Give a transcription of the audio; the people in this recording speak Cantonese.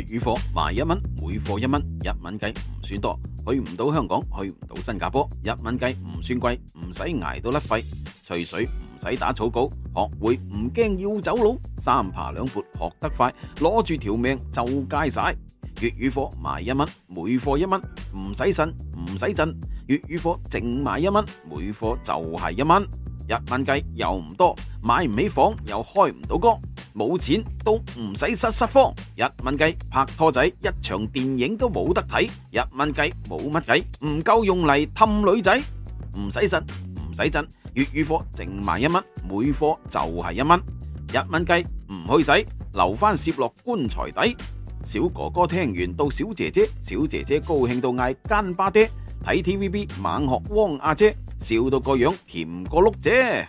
粵語課賣一蚊，每課一蚊，一蚊雞唔算多，去唔到香港，去唔到新加坡，一蚊雞唔算貴，唔使挨到甩肺，吹水唔使打草稿，學會唔驚要走佬，三爬兩撥學得快，攞住條命周街晒。粵語課賣一蚊，每課一蚊，唔使呻，唔使震。粵語課淨賣一蚊，每課就係一蚊，一蚊雞又唔多，買唔起房又開唔到光。冇錢都唔使失失慌，一蚊雞拍拖仔，一場電影都冇得睇，一蚊雞冇乜計，唔夠用嚟氹女仔，唔使呻，唔使震，粵語課淨賣一蚊，每課就係一蚊，一蚊雞唔去使，留翻攝落棺材底。小哥哥聽完到小姐姐，小姐姐高興到嗌干巴爹，睇 TVB 猛學汪阿姐，笑到個樣甜過碌蔗。